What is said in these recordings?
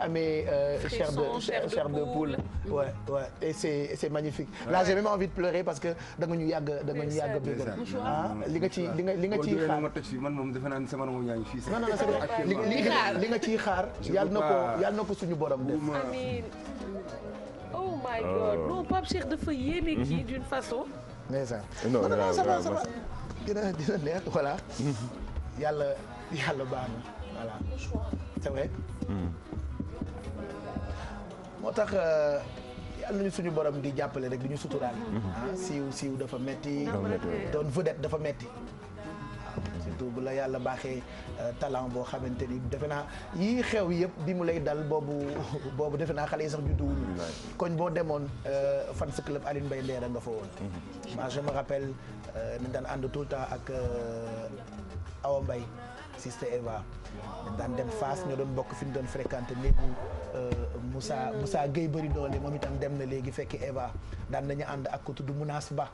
amee. Euh, chair de chair de, chair de poule ouais ouais et c'est c'est magnifique. Ouais. là j'ai envie de pleurer parce que da nga ñu yàgg da nga ñu ah, li nga ci li nga li nga ciy xaar man moom defe naa ne sama moom yaa ngi fii li nga ciy xaar yàlla na ko yàlla na ko suñu borom def amiin oh my god oh. non Pape Cheikh dafa yéeme mhm. d'une façon ndeysaan non non ça va ça dina dina neex mhm. yàlla yàlla baax na voilà moo tax euh, yàlla nañu suñu borom di jàppale rek di ñu suturaal. Mhm. Ah, siiw siiw dafa metti doon vedette dafa metti mhm. surtout bu la yàlla baaxee euh, talent boo xamante ni defe naa yii xew yëpp bi mu lay dal boobu boobu defe naa xale yi sax juddu wuñu koñ boo demoon euh, fan sa club Alioune mbay Nder nga fa woon. Mhm. je me rappelle nañ daan ànd tout le temps ak Awa mbay Siste Eva daan dem Fass ñoo doon bokk fi ñu doon fréquenté léegi euh, Moussa Moussa Gueye bëri doole moom itam dem na léegi fekki Eva daan nañu ànd ak ku tudd Mounas Ba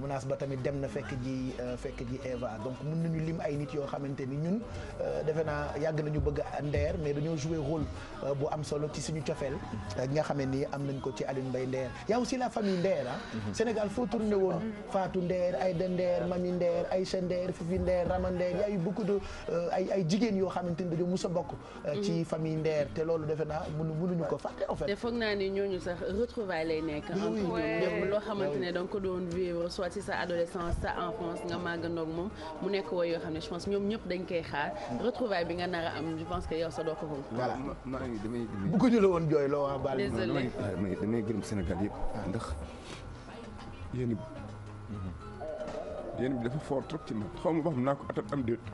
menace tamit dem na fekk ji euh, fekk ji donc mun nañu lim ay nit yoo xamante ni ñun euh, defe naa yàgg nañu bëgg ndeer mais dañoo jouer rôle euh, bu am solo ci suñu cofeel gi nga xamee ni am nañ ko ci Alioune bay Nder y si aussi la famille Nder ah mhm. Sénégal foo tourné woon Fatou Nder Aïda Nder Mami Nder Aïcha Nder Fifi Nder Rama Nder y a eu beaucoup de ay ay jigéen yoo xamante ni dañoo mus a bokk ci mhm. famille Nder te loolu defe naa mënu mënuñu ko fàtte en fait te foog naa ne ñooñu sax retrouvaille lay nekk loo xamante ne si sa adolescence sa enfance nga màggandoog moom mu nekk woy yoo xam ne je ñoom ñëpp dañ koy xaar retrouvaille bi nga nar a am je pense que yow sa doo ko foofu voilà bëgguñu woon jooy loo waa baal damay gërëm Sénégal yëpp ah. ndax yéen mm-hmm. yéen bi dafa fort trop ci man xaw ma ba xam naa ko attan am déet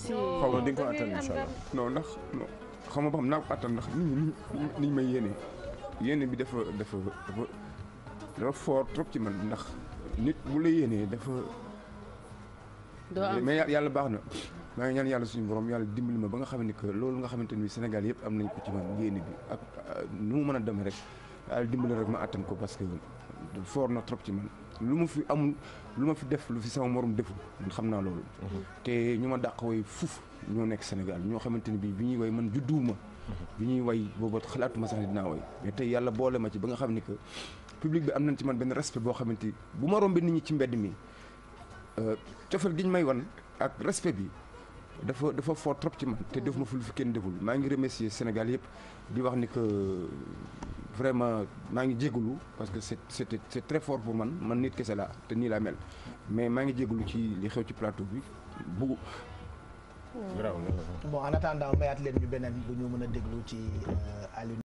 xaw ma di nga ko attan incha allah non ndax non xaw ma ba xam naa ko attan ndax nit ñi ni ñu may yéene yéene bi dafa dafa trop ci man ndax nit bu la yéenee dafa. doo am mais yàlla baax na maa ngi ñaan yàlla suñu borom yàlla dimbali ma ba nga xam ne que loolu nga xamante ni Sénégal yëpp am nañ ko ci man yéene bi ak euh, nu mu mën a demee rek yàlla dimbali rek ma attan ko parce que foor na trop ci man. lu ma fi amul lu ma fi def lu fi sama morom deful xam naa loolu. Mhm. te ñu ma dàq way fuf ñoo nekk Sénégal ñoo xamante ne bii bi ñuy way man judduwuma mhm. bi ñuy woy booba xalaatuma sax ni dinaa way mais tey yàlla boole ma ci ba nga xam ni que public bi am nañ ci man benn respect boo xamante bu moroom bi nit ñi ci mbedd mi euh, cofeel giñ may wan ak respect bi. dafa dafa fort trop ci man te def ma fi lu fi kenn deful maa ngi remercier Sénégal yëpp di wax ni que vraiment maa ngi jégalu parce que c'est c'était c'est très fort pour man man nit kese la te nii laa mel mais maa ngi jégalu ci li xew ci plateau bi bu. bon en attendant mayaat leen bi beneen bu ñu mën a déglu ci euh, Aliou.